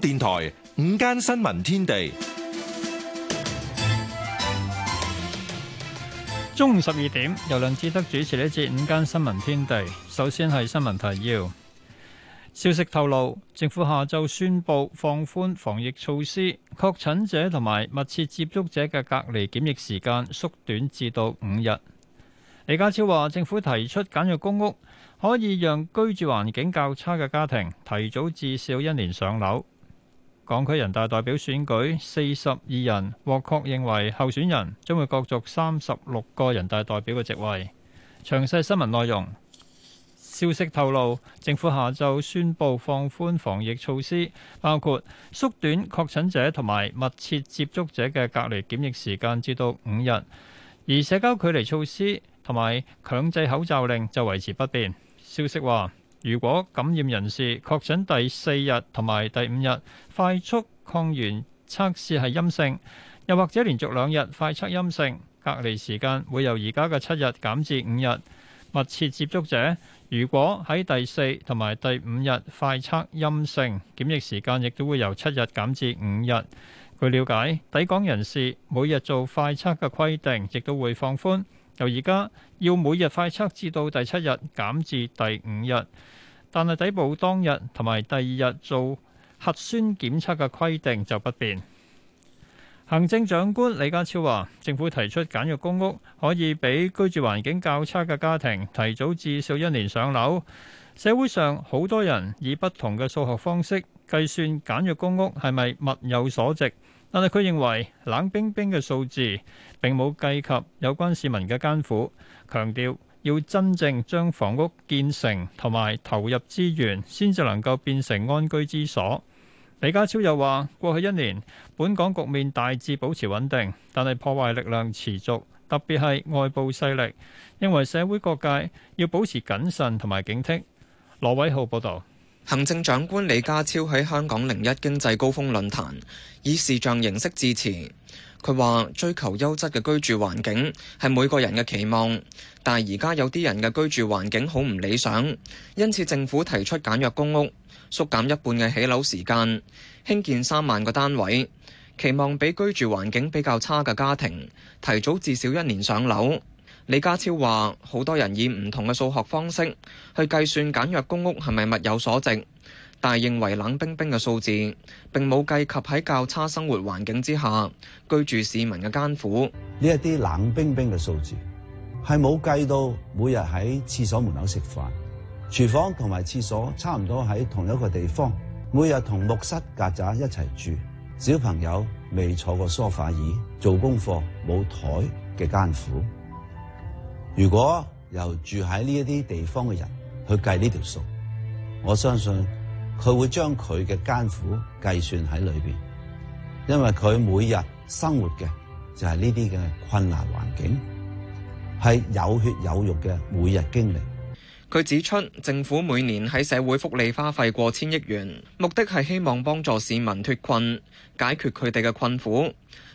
電台午間新聞天地，中午十二點由梁志德主持呢節午間新聞天地。首先係新聞提要。消息透露，政府下晝宣布放寬防疫措施，確診者同埋密切接觸者嘅隔離檢疫時間縮短至到五日。李家超話，政府提出簡約公屋，可以讓居住環境較差嘅家庭提早至少一年上樓。港區人大代表選舉，四十二人獲確認為候選人，將會角逐三十六個人大代表嘅席位。詳細新聞內容。消息透露，政府下晝宣布放寬防疫措施，包括縮短確診者同埋密切接觸者嘅隔離檢疫時間至到五日，而社交距離措施同埋強制口罩令就維持不變。消息話，如果感染人士確診第四日同埋第五日快速抗原測試係陰性，又或者連續兩日快測陰性，隔離時間會由而家嘅七日減至五日。密切接觸者如果喺第四同埋第五日快測陰性，檢疫時間亦都會由七日減至五日。據了解，抵港人士每日做快測嘅規定亦都會放寬。由而家要每日快測至到第七日減至第五日，但係抵埗當日同埋第二日做核酸檢測嘅規定就不變。行政長官李家超話，政府提出簡約公屋可以俾居住環境較差嘅家庭提早至少一年上樓。社會上好多人以不同嘅數學方式計算簡約公屋係咪物有所值。但係佢認為冷冰冰嘅數字並冇計及有關市民嘅艱苦，強調要真正將房屋建成同埋投入資源，先至能夠變成安居之所。李家超又話：過去一年，本港局面大致保持穩定，但係破壞力量持續，特別係外部勢力，認為社會各界要保持謹慎同埋警惕。羅偉浩報導。行政長官李家超喺香港零一經濟高峰論壇以視像形式致辭，佢話追求優質嘅居住環境係每個人嘅期望，但係而家有啲人嘅居住環境好唔理想，因此政府提出簡約公屋，縮減一半嘅起樓時間，興建三萬個單位，期望俾居住環境比較差嘅家庭提早至少一年上樓。李家超話：好多人以唔同嘅數學方式去計算簡約公屋係咪物有所值，但係認為冷冰冰嘅數字並冇計及喺較差生活環境之下居住市民嘅艱苦。呢一啲冷冰冰嘅數字係冇計到每日喺廁所門口食飯，廚房同埋廁所差唔多喺同一個地方，每日同木虱曱甴一齊住，小朋友未坐過梳化椅做功課冇枱嘅艱苦。如果由住喺呢一啲地方嘅人去計呢條數，我相信佢會將佢嘅艱苦計算喺裏邊，因為佢每日生活嘅就係呢啲嘅困難環境，係有血有肉嘅每日經歷，佢指出，政府每年喺社會福利花費過千億元，目的係希望幫助市民脫困，解決佢哋嘅困苦，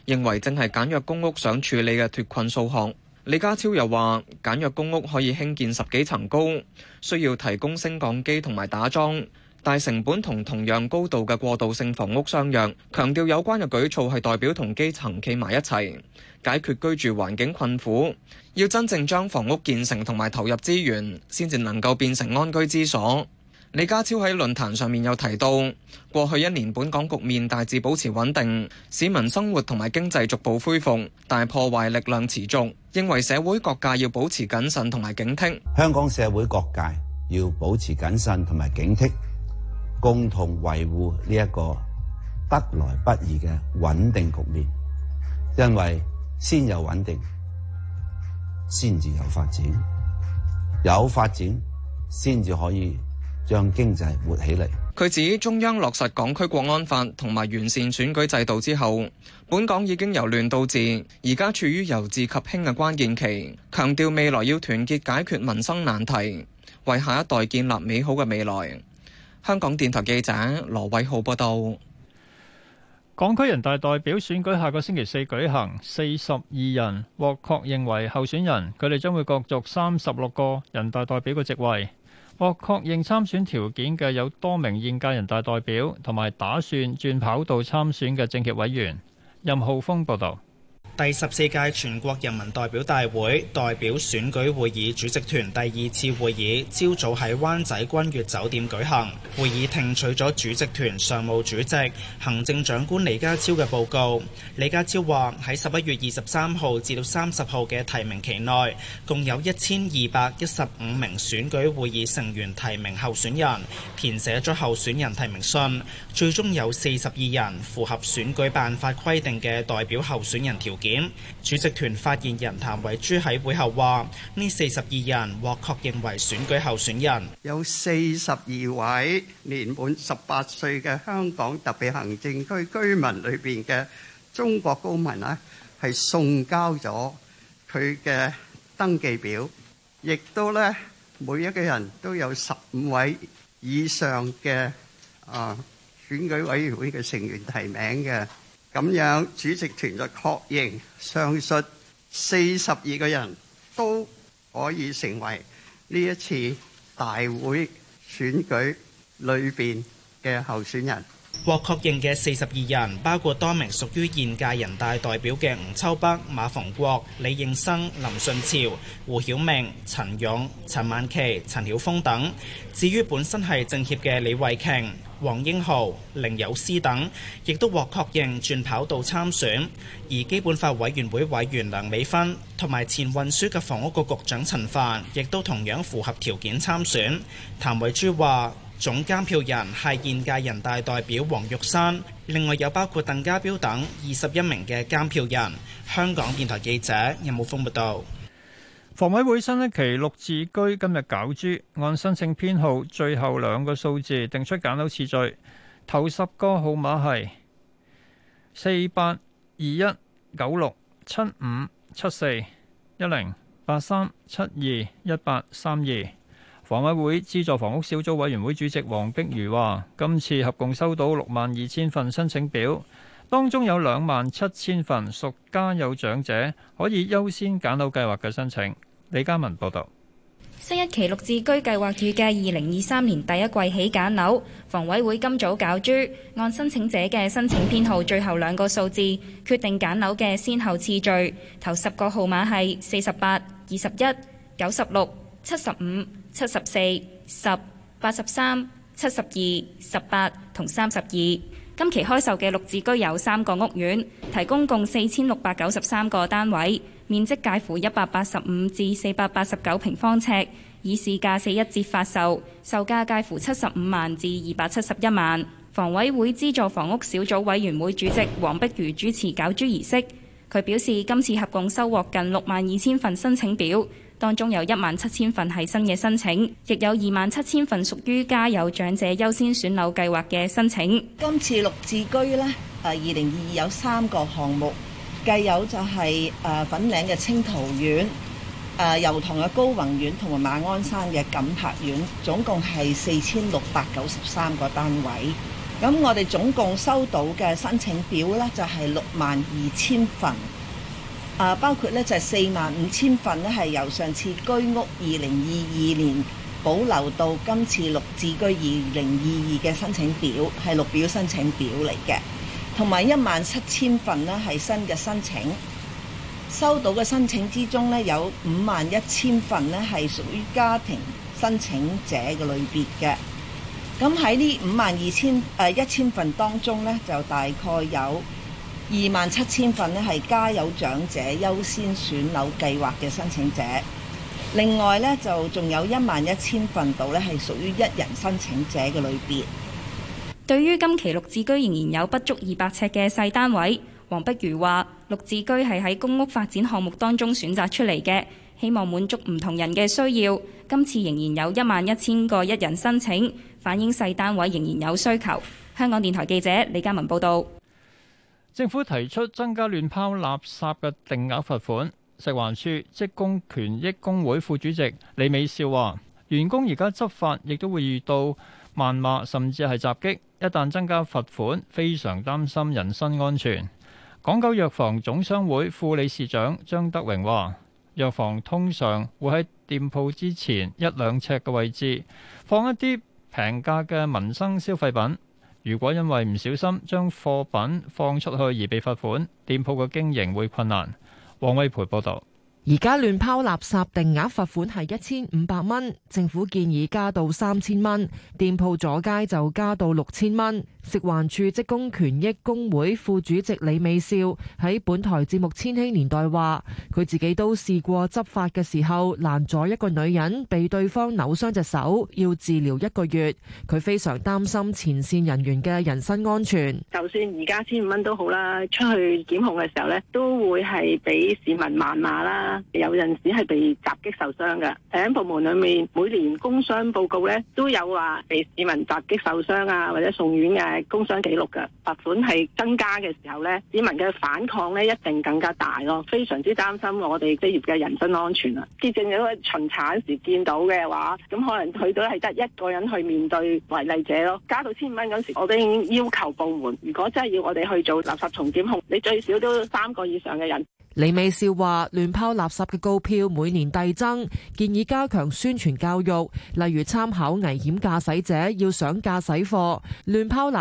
認為正係簡約公屋想處理嘅脫困數項。李家超又話：簡約公屋可以興建十幾層高，需要提供升降機同埋打樁，但成本同同樣高度嘅過渡性房屋相若。強調有關嘅舉措係代表同基層企埋一齊，解決居住環境困苦。要真正將房屋建成同埋投入資源，先至能夠變成安居之所。李家超喺論壇上面有提到，過去一年本港局面大致保持穩定，市民生活同埋經濟逐步恢復，但破壞力量持續，認為社會各界要保持謹慎同埋警惕。香港社會各界要保持謹慎同埋警惕，共同維護呢一個得來不易嘅穩定局面，因為先有穩定，先至有發展，有發展先至可以。讓經濟活起嚟。佢指中央落實港區國安法同埋完善選舉制度之後，本港已經由亂到治，而家處於由治及興嘅關鍵期。強調未來要團結解決民生難題，為下一代建立美好嘅未來。香港電台記者羅偉浩報道。港區人大代表選舉下個星期四舉行，四十二人獲確認為候選人，佢哋將會角逐三十六個人大代表嘅席位。獲確認參選條件嘅有多名現屆人大代表，同埋打算轉跑道參選嘅政協委員。任浩峰報導。第十四屆全國人民代表大會代表選舉會議主席團第二次會議朝早喺灣仔君悦酒店舉行。會議聽取咗主席團常務主席、行政長官李家超嘅報告。李家超話喺十一月二十三號至到三十號嘅提名期內，共有一千二百一十五名選舉會議成員提名候選人，填寫咗候選人提名信。最終有四十二人符合選舉辦法規定嘅代表候選人條。檢主席團發言人譚維珠喺會後話：呢四十二人獲確認為選舉候選人，有四十二位年滿十八歲嘅香港特別行政區居民裏邊嘅中國公民呢，係送交咗佢嘅登記表，亦都呢每一個人都有十五位以上嘅啊選舉委員會嘅成員提名嘅。咁樣主席團就確認上述四十二個人都可以成為呢一次大會選舉裏邊嘅候選人。獲確認嘅四十二人，包括多名屬於現屆人大代表嘅吳秋北、馬逢國、李應生、林順潮、胡曉明、陳勇、陳曼琪、陳曉峰等。至於本身係政協嘅李慧瓊、黃英豪、凌友詩等，亦都獲確認轉跑道參選。而基本法委員會委員梁美芬同埋前運輸及房屋局局長陳帆，亦都同樣符合條件參選。譚惠珠話。總監票人係現屆人大代表黃玉山，另外有包括鄧家彪等二十一名嘅監票人。香港電台記者任武峯報道。房委會新一期綠置居今日攪珠，按申請編號最後兩個數字定出揀樓次序。頭十個號碼係四八二一九六七五七四一零八三七二一八三二。房委會資助房屋小組委員會主席黃碧如話，今次合共收到六萬二千份申請表，當中有兩萬七千份屬家有長者可以優先揀樓計劃嘅申請。李嘉文報道，新一期綠置居計劃預計二零二三年第一季起揀樓。房委會今早攪珠，按申請者嘅申請編號最後兩個數字決定揀樓嘅先後次序。頭十個號碼係四十八、二十一、九十六、七十五。七十四、十、八十三、七十二、十八同三十二。今期開售嘅綠置居有三個屋苑，提供共四千六百九十三個單位，面積介乎一百八十五至四百八十九平方尺，以市價四一折發售，售價介乎七十五萬至二百七十一萬。房委會資助房屋小組委員會主席黃碧如主持攪珠儀式。佢表示今次合共收獲近六萬二千份申請表。當中有一萬七千份係新嘅申請，亦有二萬七千份屬於家有長者優先選樓計劃嘅申請。今次綠置居呢，誒二零二二有三個項目，計有就係誒粉嶺嘅清濤苑、誒油塘嘅高宏苑同埋馬鞍山嘅錦柏苑，總共係四千六百九十三個單位。咁我哋總共收到嘅申請表呢，就係六萬二千份。包括咧，就係四萬五千份咧，係由上次居屋二零二二年保留到今次綠置居二零二二嘅申請表，係綠表申請表嚟嘅，同埋一萬七千份呢係新嘅申請。收到嘅申請之中呢，有五萬一千份呢係屬於家庭申請者嘅類別嘅。咁喺呢五萬二千誒一、呃、千份當中呢，就大概有。二萬七千份咧係家有長者優先選樓計劃嘅申請者，另外呢就仲有一萬一千份度咧係屬於一人申請者嘅類別。對於今期綠置居仍然有不足二百尺嘅細單位，黃碧如話：綠置居係喺公屋發展項目當中選擇出嚟嘅，希望滿足唔同人嘅需要。今次仍然有一萬一千個一人申請，反映細單位仍然有需求。香港電台記者李嘉文報道。政府提出增加亂拋垃圾嘅定額罰款，食環署職工權益工會副主席李美笑話：員工而家執法亦都會遇到謾罵，甚至係襲擊。一旦增加罰款，非常擔心人身安全。港九藥房總商會副理事長張德榮話：藥房通常會喺店鋪之前一兩尺嘅位置放一啲平價嘅民生消費品。如果因為唔小心將貨品放出去而被罰款，店鋪嘅經營會困難。黃偉培報導，而家亂拋垃圾定額罰款係一千五百蚊，政府建議加到三千蚊，店鋪阻街就加到六千蚊。食環署職工權益工會副主席李美少喺本台節目《千禧年代》話：佢自己都試過執法嘅時候攔咗一個女人，被對方扭傷隻手，要治療一個月。佢非常擔心前線人員嘅人身安全。就算而家千五蚊都好啦，出去檢控嘅時候咧，都會係俾市民謾罵啦，有陣時係被襲擊受傷嘅。喺部門裏面，每年工傷報告咧都有話被市民襲擊受傷啊，或者送院嘅。係工商記錄嘅罰款係增加嘅時候呢，市民嘅反抗咧一定更加大咯，非常之擔心我哋職業嘅人身安全啦。正證咗巡查時見到嘅話，咁可能去到係得一個人去面對違例者咯。加到千五蚊嗰時，我都已經要求部門，如果真係要我哋去做垃圾重檢控，你最少都三個以上嘅人。李美笑話：亂拋垃圾嘅告票每年遞增，建議加強宣傳教育，例如參考危險駕駛者要上駕駛課，亂拋垃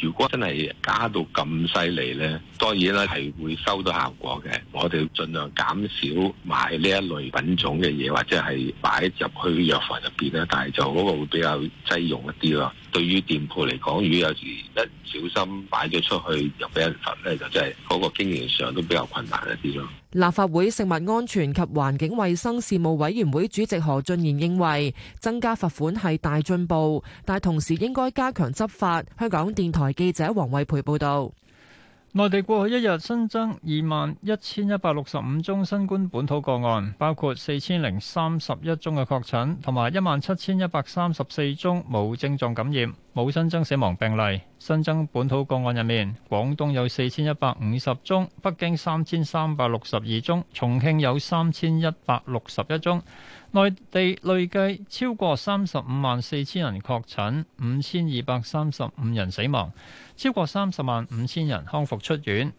如果真係加到咁犀利呢，當然咧係會收到效果嘅。我哋盡量減少買呢一類品種嘅嘢，或者係擺入去藥房入邊咧。但係就嗰個會比較擠擁一啲咯。對於店鋪嚟講，如果有時一唔小心擺咗出去又俾人罰呢，就真係嗰個經營上都比較困難一啲咯。立法會食物安全及環境衛生事務委員會主席何俊賢認為，增加罰款係大進步，但同時應該加強執法。香港電台記者黃惠培報道。內地過去一日新增二萬一千一百六十五宗新冠本土個案，包括四千零三十一宗嘅確診，同埋一萬七千一百三十四宗冇症狀感染，冇新增死亡病例。新增本土個案入面，廣東有四千一百五十宗，北京三千三百六十二宗，重慶有三千一百六十一宗。內地累計超過三十五萬四千人確診，五千二百三十五人死亡，超過三十萬五千人康復出院。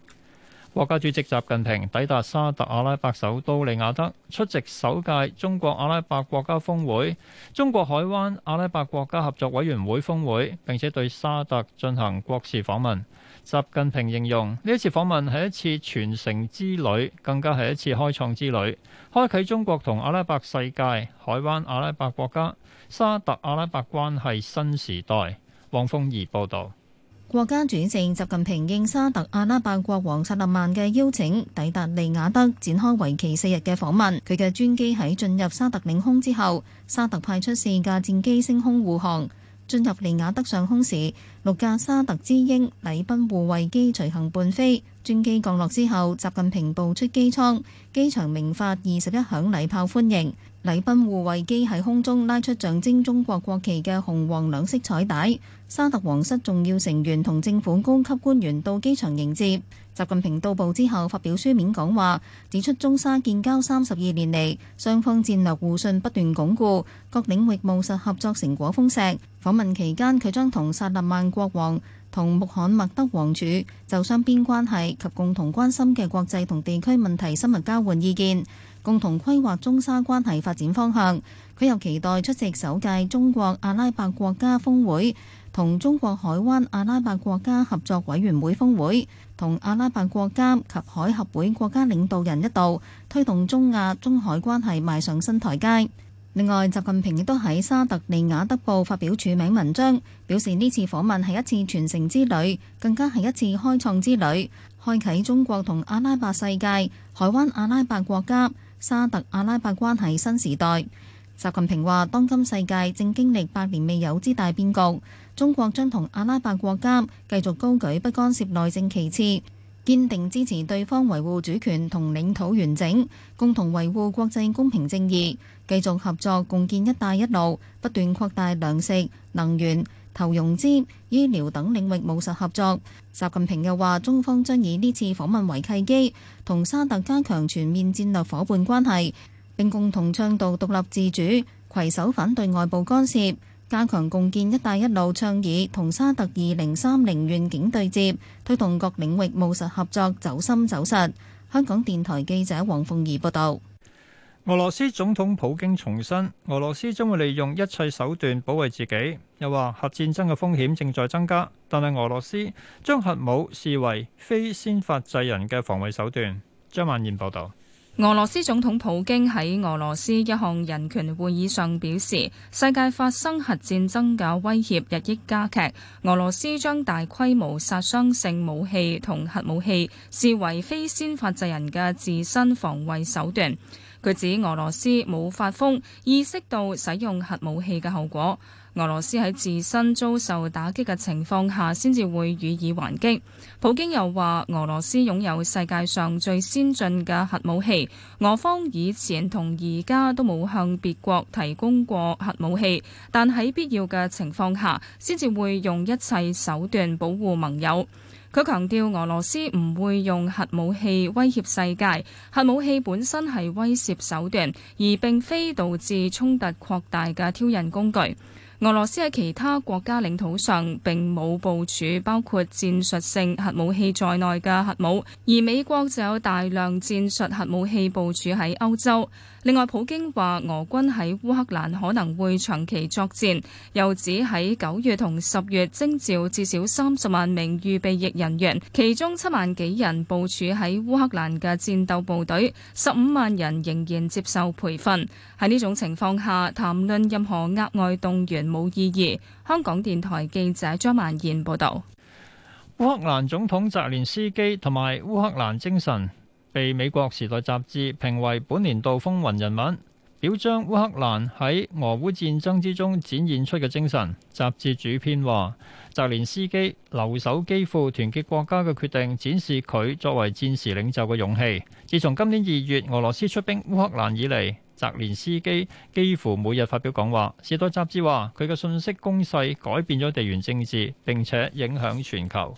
國家主席習近平抵達沙特阿拉伯首都利雅德，出席首屆中國阿拉伯國家峰會、中國海灣阿拉伯國家合作委員會峰會，並且對沙特進行國事訪問。習近平形容呢一次訪問係一次傳承之旅，更加係一次開創之旅，開啟中國同阿拉伯世界、海灣阿拉伯國家、沙特阿拉伯關係新時代。王鳳儀報道。國家主席習近平應沙特阿拉伯國王薩勒曼嘅邀請，抵達利雅德，展開為期四日嘅訪問。佢嘅專機喺進入沙特領空之後，沙特派出四架戰機升空護航。進入利雅德上空時，六架沙特之鷹禮賓護衛機隨行伴飛。專機降落之後，習近平步出機艙，機場鳴發二十一響禮炮歡迎，禮賓護衛機喺空中拉出象徵中國國旗嘅紅黃兩色彩帶。沙特皇室重要成員同政府高級官員到機場迎接。習近平到步之後發表書面講話，指出中沙建交三十二年嚟，雙方戰略互信不斷鞏固，各領域務實合作成果豐碩。訪問期間，佢將同薩勒曼國王，同穆罕默德王儲就雙邊關係及共同關心嘅國際同地區問題深入交換意見，共同規劃中沙關係發展方向。佢又期待出席首屆中國阿拉伯國家峰會，同中國海灣阿拉伯國家合作委員會峰會，同阿拉伯國家及海合會國家領導人一道，推動中亞中海關係邁上新台階。另外，習近平亦都喺沙特利雅德報發表署名文章，表示呢次訪問係一次傳承之旅，更加係一次開創之旅，開啟中國同阿拉伯世界、海灣阿拉伯國家、沙特阿拉伯關係新時代。習近平話：當今世界正經歷百年未有之大變局，中國將同阿拉伯國家繼續高舉不干涉內政旗幟，堅定支持對方維護主權同領土完整，共同維護國際公平正義。繼續合作共建“一帶一路”，不斷擴大糧食、能源、投融資、醫療等領域務實合作。習近平又話：中方將以呢次訪問為契機，同沙特加強全面戰略夥伴關係，並共同倡導獨立自主、攜手反對外部干涉，加強共建“一帶一路”倡議同沙特二零三零願景對接，推動各領域務實合作走深走實。香港電台記者黃鳳儀報道。俄羅斯總統普京重申，俄羅斯將會利用一切手段保衛自己。又話核戰爭嘅風險正在增加，但係俄羅斯將核武視為非先發制人嘅防衛手段。張萬燕報道，俄羅斯總統普京喺俄羅斯一項人權會議上表示，世界發生核戰爭嘅威脅日益加劇。俄羅斯將大規模殺傷性武器同核武器視為非先發制人嘅自身防衛手段。佢指俄羅斯冇發瘋，意識到使用核武器嘅後果。俄羅斯喺自身遭受打擊嘅情況下，先至會予以還擊。普京又話：俄羅斯擁有世界上最先進嘅核武器，俄方以前同而家都冇向別國提供過核武器，但喺必要嘅情況下，先至會用一切手段保護盟友。佢強調俄羅斯唔會用核武器威脅世界，核武器本身係威懾手段，而並非導致衝突擴大嘅挑釁工具。俄羅斯喺其他國家領土上並冇部署包括戰術性核武器在內嘅核武，而美國就有大量戰術核武器部署喺歐洲。另外，普京話俄軍喺烏克蘭可能會長期作戰，又指喺九月同十月徵召至少三十萬名預備役人員，其中七萬幾人部署喺烏克蘭嘅戰鬥部隊，十五萬人仍然接受培訓。喺呢種情況下，談論任何額外動員冇意義。香港電台記者張萬燕報導。烏克蘭總統澤連斯基同埋烏克蘭精神被美國《時代》雜誌評為本年度風雲人物，表彰烏克蘭喺俄烏戰爭之中展現出嘅精神。雜誌主編話：澤連斯基留守基輔團結國家嘅決定，展示佢作為戰時領袖嘅勇氣。自從今年二月俄羅斯出兵烏克蘭以嚟，澤連斯基幾乎每日發表講話。《時代》雜誌話：佢嘅信息攻勢改變咗地緣政治，並且影響全球。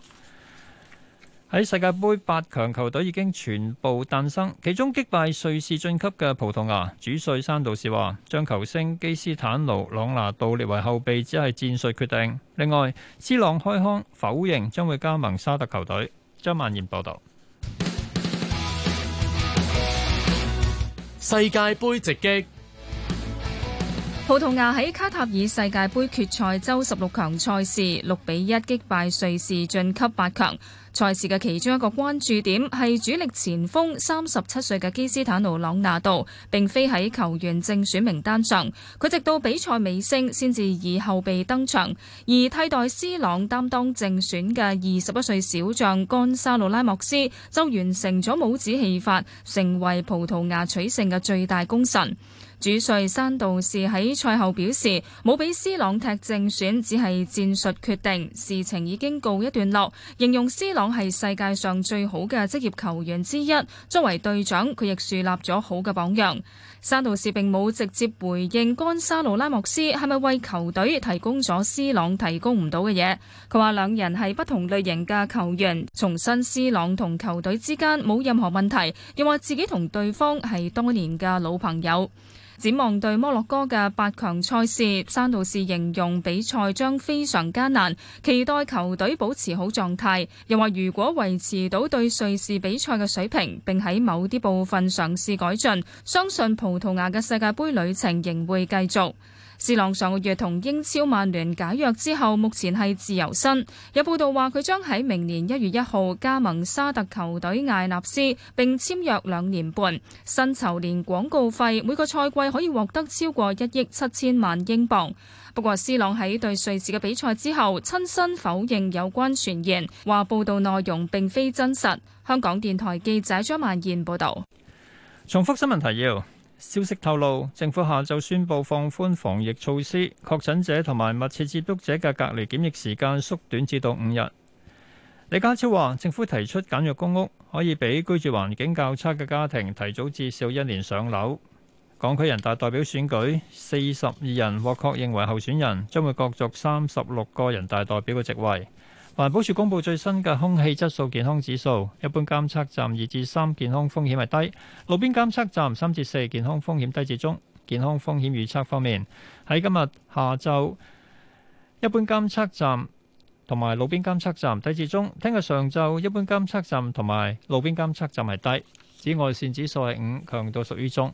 喺世界杯，八強球隊已經全部誕生，其中擊敗瑞士晉級嘅葡萄牙主帥山道士話，將球星基斯坦奴·朗拿度列為後備，只係戰術決定。另外，斯朗開腔否認將會加盟沙特球隊。張曼賢報道。世界杯直擊，葡萄牙喺卡塔爾世界杯決賽周十六強賽事六比一擊敗瑞士晉級八強。賽事嘅其中一個關注點係主力前鋒三十七歲嘅基斯坦奴·朗拿度，並非喺球員正選名單上，佢直到比賽尾聲先至以後備登場，而替代斯朗擔當正選嘅二十一歲小將甘沙魯拉莫斯就完成咗帽子戲法，成為葡萄牙取勝嘅最大功臣。主帥山道士喺賽後表示，冇俾斯朗踢正選，只係戰術決定，事情已經告一段落。形容斯朗係世界上最好嘅職業球員之一，作為隊長，佢亦樹立咗好嘅榜樣。山道士並冇直接回應干沙路拉莫斯係咪為球隊提供咗斯朗提供唔到嘅嘢。佢話兩人係不同類型嘅球員，重申斯朗同球隊之間冇任何問題，又話自己同對方係多年嘅老朋友。展望對摩洛哥嘅八強賽事，山度士形容比賽將非常艱難，期待球隊保持好狀態。又話如果維持到對瑞士比賽嘅水平，並喺某啲部分嘗試改進，相信葡萄牙嘅世界杯旅程仍會繼續。C 朗上個月同英超曼聯解約之後，目前係自由身。有報道話佢將喺明年一月一號加盟沙特球隊艾納斯，並簽約兩年半，薪酬連廣告費每個賽季可以獲得超過一億七千萬英鎊。不過，C 朗喺對瑞士嘅比賽之後，親身否認有關傳言，話報道內容並非真實。香港電台記者張曼燕報導。重複新聞提要。消息透露，政府下晝宣布放寬防疫措施，確診者同埋密切接觸者嘅隔離檢疫時間縮短至到五日。李家超話：政府提出簡約公屋，可以俾居住環境較差嘅家庭提早至少一年上樓。港區人大代表選舉，四十二人獲確認為候選人，將會角逐三十六個人大代表嘅席位。環保署公布最新嘅空氣質素健康指數，一般監測站二至三健康風險係低，路邊監測站三至四健康風險低至中。健康風險預測方面，喺今日下晝，一般監測站同埋路邊監測站低至中；聽日上晝，一般監測站同埋路邊監測站係低。紫外線指數係五，強度屬於中。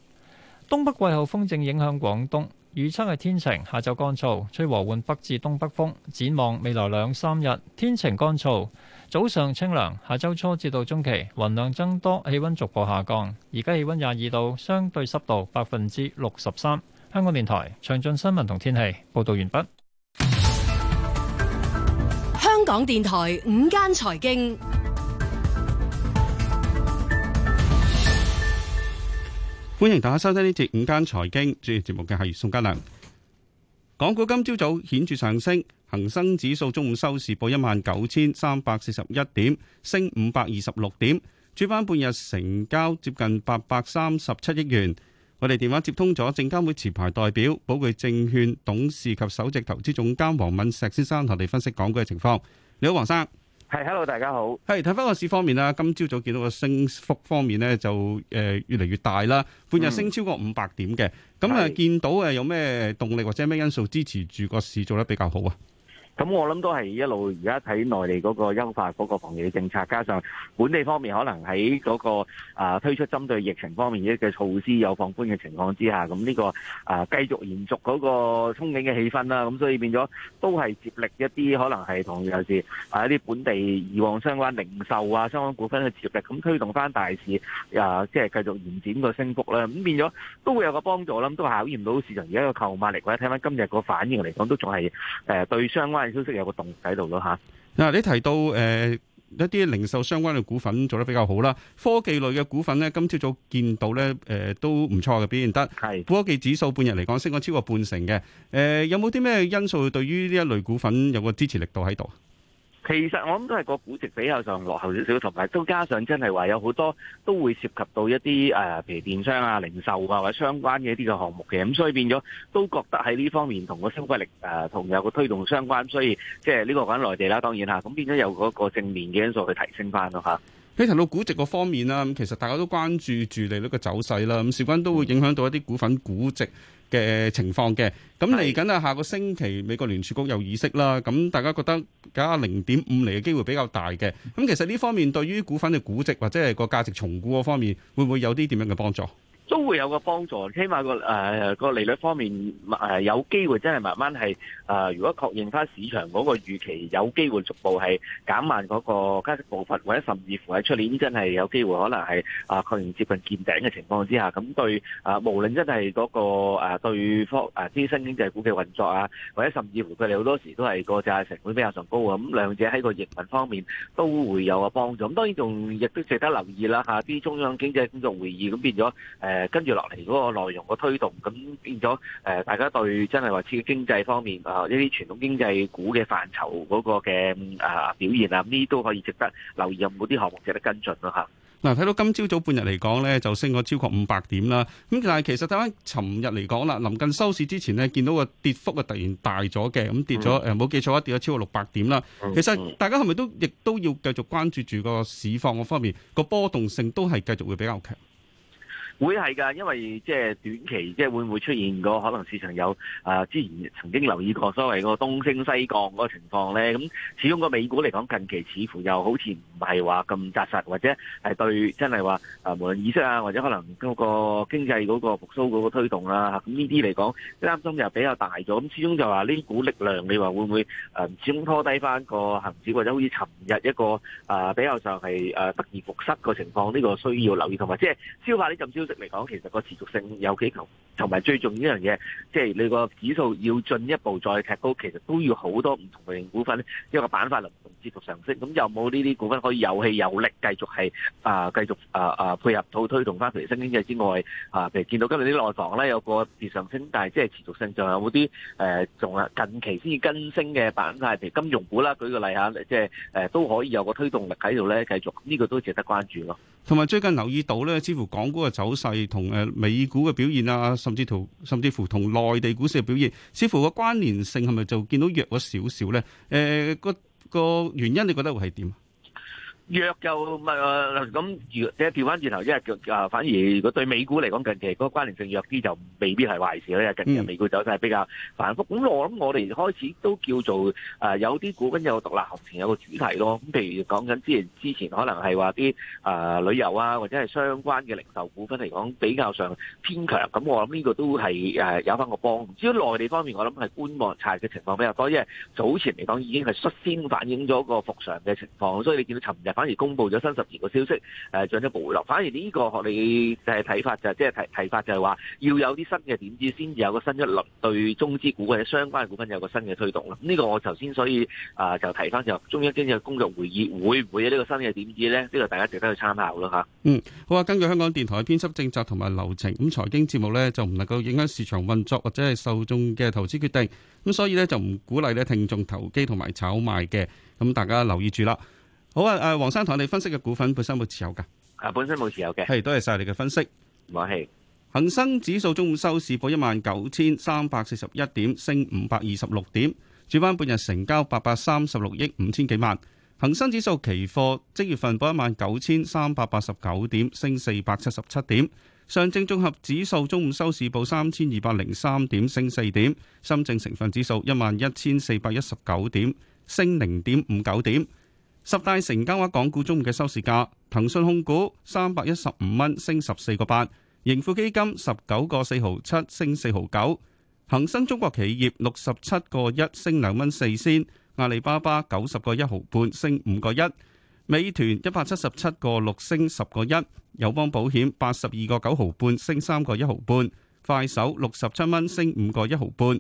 東北季候風正影響廣東。預測係天晴，下晝乾燥，吹和緩北至東北風。展望未來兩三日，天晴乾燥，早上清涼，下周初至到中期，雲量增多，氣溫逐步下降。而家氣溫廿二度，相對濕度百分之六十三。香港電台詳盡新聞同天氣報道完畢。香港電台午間財經。歡迎大家收聽呢節午間財經。主持節目嘅係宋家良。港股今朝早，早顯著上升，恒生指數中午收市報一萬九千三百四十一點，升五百二十六點。主板半日成交接近八百三十七億元。我哋電話接通咗證監會持牌代表寶钜證券董事及首席投資總監黃敏石先生，同你分析港股嘅情況。你好，黃生。係，Hello，大家好。係睇翻個市方面啦，今朝早，早見到個升幅方面咧，就誒越嚟越大啦，半日升超過五百點嘅。咁啊，嗯，見到誒有咩動力或者咩因素支持住個市做得比較好啊？咁我諗都係一路，而家睇內地嗰個優化嗰個防疫嘅政策，加上本地方面可能喺嗰個啊推出針對疫情方面嘅措施有放寬嘅情況之下，咁呢個啊繼續延續嗰個憧憬嘅氣氛啦。咁所以變咗都係接力一啲可能係同有時啊一啲本地以往相關零售啊相關股份去接力，咁推動翻大市啊，即係繼續延展個升幅啦。咁變咗都會有個幫助啦。咁都考驗到市場而家個購買力，或者睇翻今日個反應嚟講都仲係誒對相關。消息有個動喺度咯吓，嗱你提到誒、呃、一啲零售相關嘅股份做得比較好啦，科技類嘅股份咧今朝早見到咧誒、呃、都唔錯嘅表現得係，是科技指數半日嚟講升咗超過半成嘅，誒、呃、有冇啲咩因素對於呢一類股份有個支持力度喺度？其實我諗都係個估值比較上落後少少，同埋都加上真係話有好多都會涉及到一啲誒，譬、呃、如電商啊、零售啊或者相關嘅一啲嘅項目嘅，咁所以變咗都覺得喺呢方面同個消費力誒，同、呃、有個推動相關，所以即係呢個講緊內地啦，當然嚇，咁、啊、變咗有嗰個正面嘅因素去提升翻咯吓，你、啊、提到估值個方面啦，咁其實大家都關注住利率嘅走勢啦，咁事關都會影響到一啲股份估值。嘅情況嘅，咁嚟緊啊，下個星期美國聯儲局有議息啦，咁大家覺得加零點五釐嘅機會比較大嘅，咁其實呢方面對於股份嘅估值或者係個價值重估嗰方面，會唔會有啲點樣嘅幫助？都會有個幫助，起碼個誒個利率方面誒有機會真係慢慢係誒、呃，如果確認翻市場嗰個預期，有機會逐步係減慢嗰個加息步伐，或者甚至乎喺出年真係有機會可能係啊確認接近見頂嘅情況之下，咁對啊無論真係嗰、那個誒、啊、對方誒啲新經濟股嘅運作啊，或者甚至乎佢哋好多時都係個債成本比較上高嘅，咁、嗯、兩者喺個營運方面都會有個幫助。咁、嗯、當然仲亦都值得留意啦嚇，啲中央經濟工作會議咁變咗誒。呃誒，跟住落嚟嗰個內容嘅推動，咁變咗，誒、呃，大家對真係話至於經濟方面啊，一啲傳統經濟股嘅範疇嗰個嘅啊、呃呃、表現啊，呢都可以值得留意，有冇啲項目值得跟進咯？吓，嗱，睇到今朝早半日嚟講咧，就升咗超過五百點啦。咁但係其實睇翻尋日嚟講啦，臨近收市之前呢，見到個跌幅啊，突然大咗嘅，咁跌咗誒，冇、嗯、記錯啊，跌咗超過六百點啦。嗯嗯、其實大家係咪都亦都要繼續關注住個市況嘅方面，個波動性都係繼續會比較強。會係㗎，因為即係短期，即係會唔會出現個可能市場有啊之前曾經留意過所謂個東升西降嗰個情況咧？咁始終個美股嚟講，近期似乎又好似唔係話咁紮實，或者係對真係話啊無論意識啊，或者可能嗰個經濟嗰個復甦嗰個推動啦，咁呢啲嚟講，擔心又比較大咗。咁始終就話呢股力量，你話會唔會誒始終拖低翻個恆指，或者好似尋日一個啊比較上係誒得而復失個情況？呢個需要留意，同埋即係消化呢陣消。嚟講，其實個持續性有幾強，同埋最重要一樣嘢，即係你個指數要進一步再踢高，其實都要好多唔同類型股份一個板塊能持續上升。咁有冇呢啲股份可以有氣有力繼續係啊，繼續啊啊配合套推動翻回升經濟之外，啊，譬如見到今日啲內房咧有個節上升，但係即係持續性仲有冇啲誒仲近期先至更升嘅板塊，譬如金融股啦，舉個例下，即係誒都可以有個推動力喺度咧，繼續，呢個都值得關注咯。同埋最近留意到咧，似乎港股嘅走同美股嘅表現啊，甚至乎同內地股市嘅表現，似乎個關聯性係咪就見到弱咗少少咧？誒、呃、個、那個原因，你覺得會係點？弱就咪咁，即係調翻轉頭，因為啊反而如果對美股嚟講，近期嗰個關聯性弱啲就未必係壞事咯。因為近期美股走勢比較繁複。咁我諗我哋開始都叫做啊、呃、有啲股份有獨立行情，有個主題咯。咁譬如講緊之前之前可能係話啲啊旅遊啊或者係相關嘅零售股份嚟講比較上偏強。咁我諗呢個都係誒、呃、有翻個幫。至於內地方面，我諗係觀望態嘅情況比較多，因為早前嚟講已經係率先反映咗個復常嘅情況，所以你見到尋日。反而公布咗新十年嘅消息，誒進一步回落。反而呢、呢個學你誒睇法就係、即係提提法就係話要有啲新嘅點子先至有個新一輪對中資股或者相關嘅股份有個新嘅推動啦。呢、嗯呢個我頭先所以啊、呃、就提翻就中央經濟工作會議會唔會有呢個新嘅點子呢？呢、呢個大家值得去參考咯嚇。嗯，好啊。根據香港電台嘅編輯政策同埋流程，咁財經節目呢就唔能夠影響市場運作或者係受眾嘅投資決定。咁所以呢，就唔鼓勵咧聽眾投機同埋炒賣嘅。咁大家留意住啦。好啊！誒，黃生，同你分析嘅股份，本身冇持有噶。啊，本身冇持有嘅。係，多謝晒你嘅分析。冇氣。恒生指數中午收市報一萬九千三百四十一點，升五百二十六點。主板半日成交八百三十六億五千幾萬。恒生指數期貨即月份報一萬九千三百八十九點，升四百七十七點。上證綜合指數中午收市報三千二百零三點，升四點。深證成分指數一萬一千四百一十九點，升零點五九點。十大成交額港股中午嘅收市價：騰訊控股三百一十五蚊，升十四個八；盈富基金十九個四毫七，升四毫九；恒生中國企業六十七個一，升兩蚊四仙；阿里巴巴九十個一毫半，升五個一；美團一百七十七個六，升十個一；友邦保險八十二個九毫半，升三個一毫半；快手六十七蚊，升五個一毫半；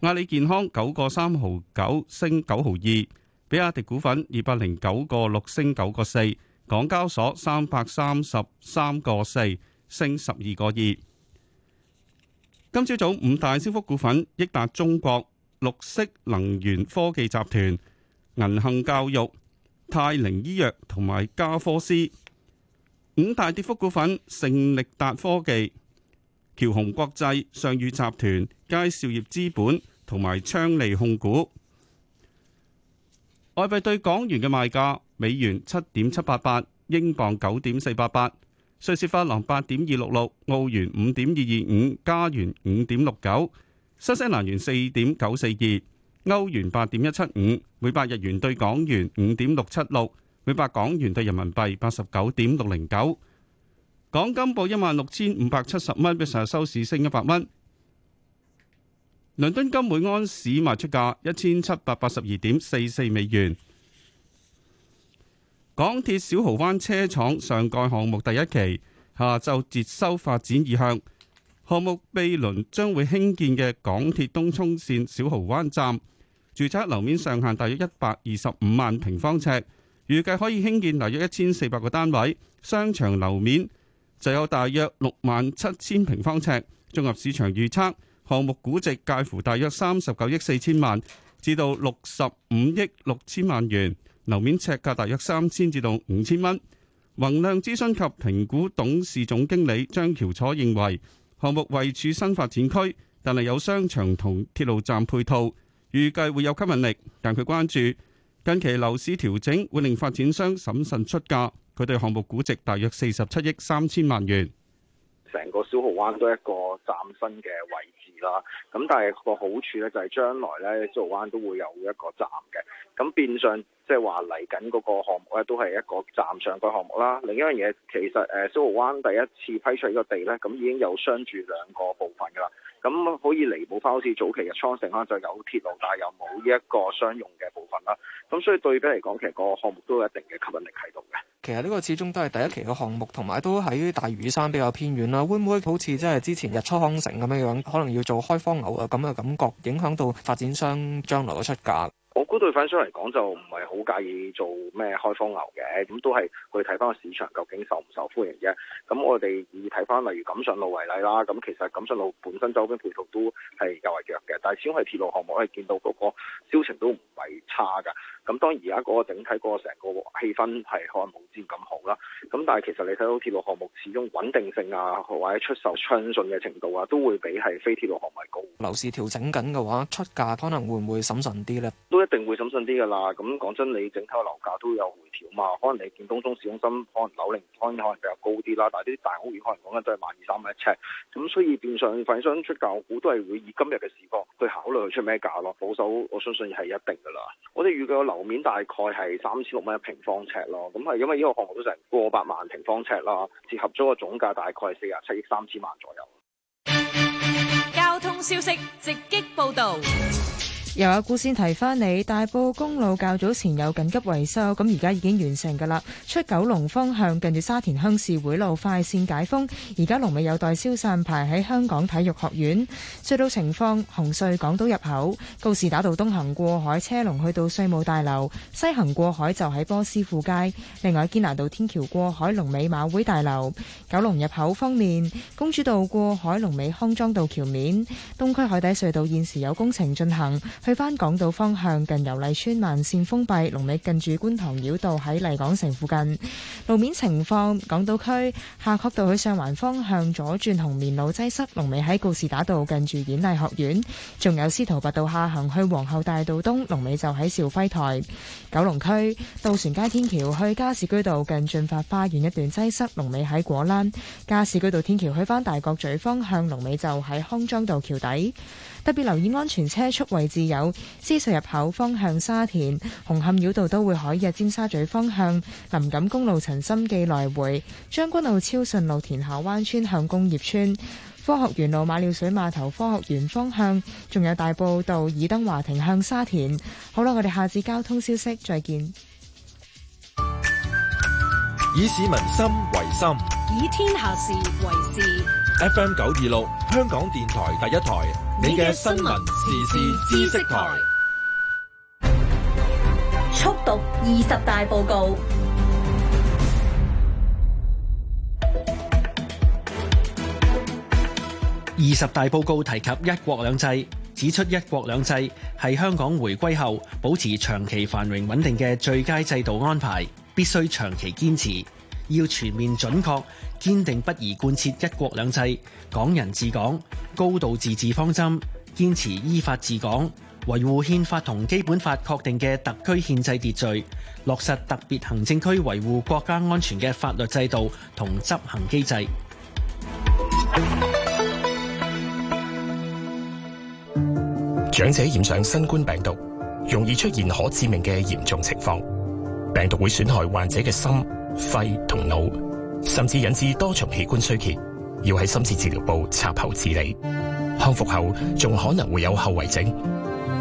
阿里健康九個三毫九，升九毫二。比亞迪股份二百零九個六升九個四，港交所三百三十三個四升十二個二。今朝早五大升幅股份：益達中國、綠色能源科技集團、銀杏教育、泰寧醫藥同埋加科斯。五大跌幅股份：盛力達科技、僑鴻國際、尚譽集團、佳兆業資本同埋昌利控股。外幣對港元嘅賣價：美元七點七八八，英鎊九點四八八，瑞士法郎八點二六六，澳元五點二二五，加元五點六九，新西蘭元四點九四二，歐元八點一七五，每百日元對港元五點六七六，每百港元對人民幣八十九點六零九。港金報一萬六千五百七十蚊，比上日收市升一百蚊。倫敦金每盎士賣出價一千七百八十二點四四美元。港鐵小蠔灣車廠上蓋項目第一期下晝接收發展意向，項目毗鄰將會興建嘅港鐵東涌綫小蠔灣站，住宅樓面上限大約一百二十五萬平方尺，預計可以興建大約一千四百個單位，商場樓面就有大約六萬七千平方尺，綜合市場預測。項目估值介乎大約三十九億四千萬至到六十五億六千萬元，樓面尺價大約三千至到五千蚊。宏亮諮詢及評估董事總經理張喬楚認為，項目位處新發展區，但係有商場同鐵路站配套，預計會有吸引力。但佢關注近期樓市調整會令發展商審慎出價。佢對項目估值大約四十七億三千萬元。成個小蠔灣都一個嶄新嘅位置。咁、嗯、但係個好處咧，就係、是、將來咧，小蠔灣都會有一個站嘅。咁、嗯、變相即係話嚟緊嗰個項目咧，都係一個站上嘅項目啦。另一樣嘢，其實誒，小蠔、呃、灣第一次批出呢個地咧，咁、嗯、已經有相住兩個部分噶啦。咁可以彌補翻好似早期日出康城啦，就有鐵路，但又冇呢一個商用嘅部分啦。咁所以對比嚟講，其實個項目都有一定嘅吸引力喺度嘅。其實呢個始終都係第一期嘅項目，同埋都喺大嶼山比較偏遠啦。會唔會好似即係之前日出康城咁樣樣，可能要做開荒牛咁嘅感覺，影響到發展商將來嘅出價？我估對粉商嚟講就唔係好介意做咩開荒牛嘅，咁都係去睇返個市場究竟受唔受歡迎啫。咁我哋以睇返例如錦上路為例啦，咁其實錦上路本身周邊配套都係較為弱嘅，但係消費鐵路項目可以見到嗰個銷情都唔係差㗎。咁當然而家嗰個整體嗰個成個氣氛係可能冇之前咁好啦。咁但係其實你睇到鐵路項目始終穩定性啊，或者出售暢順嘅程度啊，都會比係非鐵路項目高。樓市調整緊嘅話，出價可能會唔會審慎啲咧？都一定會審慎啲㗎啦。咁講真，你整體樓價都有回調嘛？可能你見東涌市中心可能樓齡可能比較高啲啦，但係啲大屋苑可能講緊都係萬二三百一尺。咁所以變相，反正出價我估都係會以今日嘅市況去考慮佢出咩價咯。保守，我相信係一定㗎啦。我哋預計個樓面大概係三千六蚊一平方尺咯，咁係因為呢個項目都成過百萬平方尺啦，折合咗個總價大概四十七億三千萬左右。交通消息直擊報導。又有股先提翻你，大埔公路較早前有緊急維修，咁而家已經完成㗎啦。出九龍方向，近住沙田鄉事會路快線解封，而家龍尾有待消散，排喺香港體育學院隧道情況，紅隧港島入口、告士打道東行過海車龍去到稅務大樓，西行過海就喺波斯富街。另外，堅拿道天橋過海龍尾馬會大樓。九龍入口方面，公主道過海龍尾康莊道橋面，東區海底隧道現時有工程進行。去返港島方向，近油麗村慢線封閉，龍尾近住觀塘繞道喺麗港城附近。路面情況，港島區夏慤道去上環方向左轉紅棉路擠塞，龍尾喺告士打道近住演藝學院。仲有司徒拔道下行去皇后大道東，龍尾就喺肇輝臺。九龍區渡船街天橋去加士居道近駿發花園一段擠塞，龍尾喺果欄。加士居道天橋去返大角咀方向，龍尾就喺康莊道橋底。特別留意安全車速位置，有獅隧入口方向沙田、紅磡繞道都會海逸尖沙咀方向、林錦公路陳深記來回、將軍澳超順路田下灣村向工業村科學園路、馬料水碼頭科學園方向，仲有大埔道爾登華庭向沙田。好啦，我哋下次交通消息再見。以市民心為心，以天下事為事。FM 九二六，香港電台第一台，你嘅新聞時事知識台，速讀二十大報告。二十大報告提及一國兩制，指出一國兩制係香港回歸後保持長期繁榮穩定嘅最佳制度安排，必須長期堅持。要全面準確、堅定不移貫徹一國兩制、港人治港、高度自治方針，堅持依法治港，維護憲法同基本法確定嘅特區憲制秩序，落實特別行政區維護國家安全嘅法律制度同執行機制。長者染上新冠病毒，容易出現可致命嘅嚴重情況，病毒會損害患者嘅心肺同腦，甚至引致多重器官衰竭，要喺深切治療部插喉治理。康復後仲可能會有後遺症。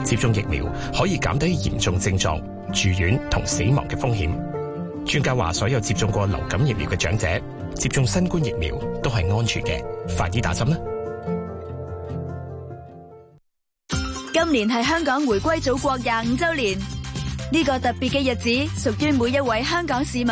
接種疫苗可以減低嚴重症狀、住院同死亡嘅風險。專家話，所有接種過流感疫苗嘅長者接種新冠疫苗都係安全嘅。快啲打針啦！今年係香港回歸祖國廿五周年，呢個特別嘅日子屬於每一位香港市民。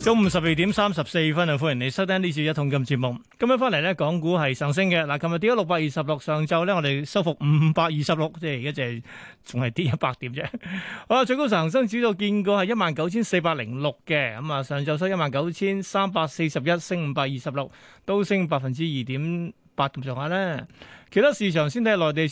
中午十二點三十四分，啊，歡迎嚟收聽呢次一通金節目。今日翻嚟咧，港股係上升嘅。嗱，琴日跌咗六百二十六，上晝咧我哋收復五百二十六，即係而家就係仲係跌一百點啫。好啦，最高恒生指數見過係一萬九千四百零六嘅，咁啊，上晝收一萬九千三百四十一，升五百二十六，都升百分之二點八咁上下咧。其他市場先睇內地。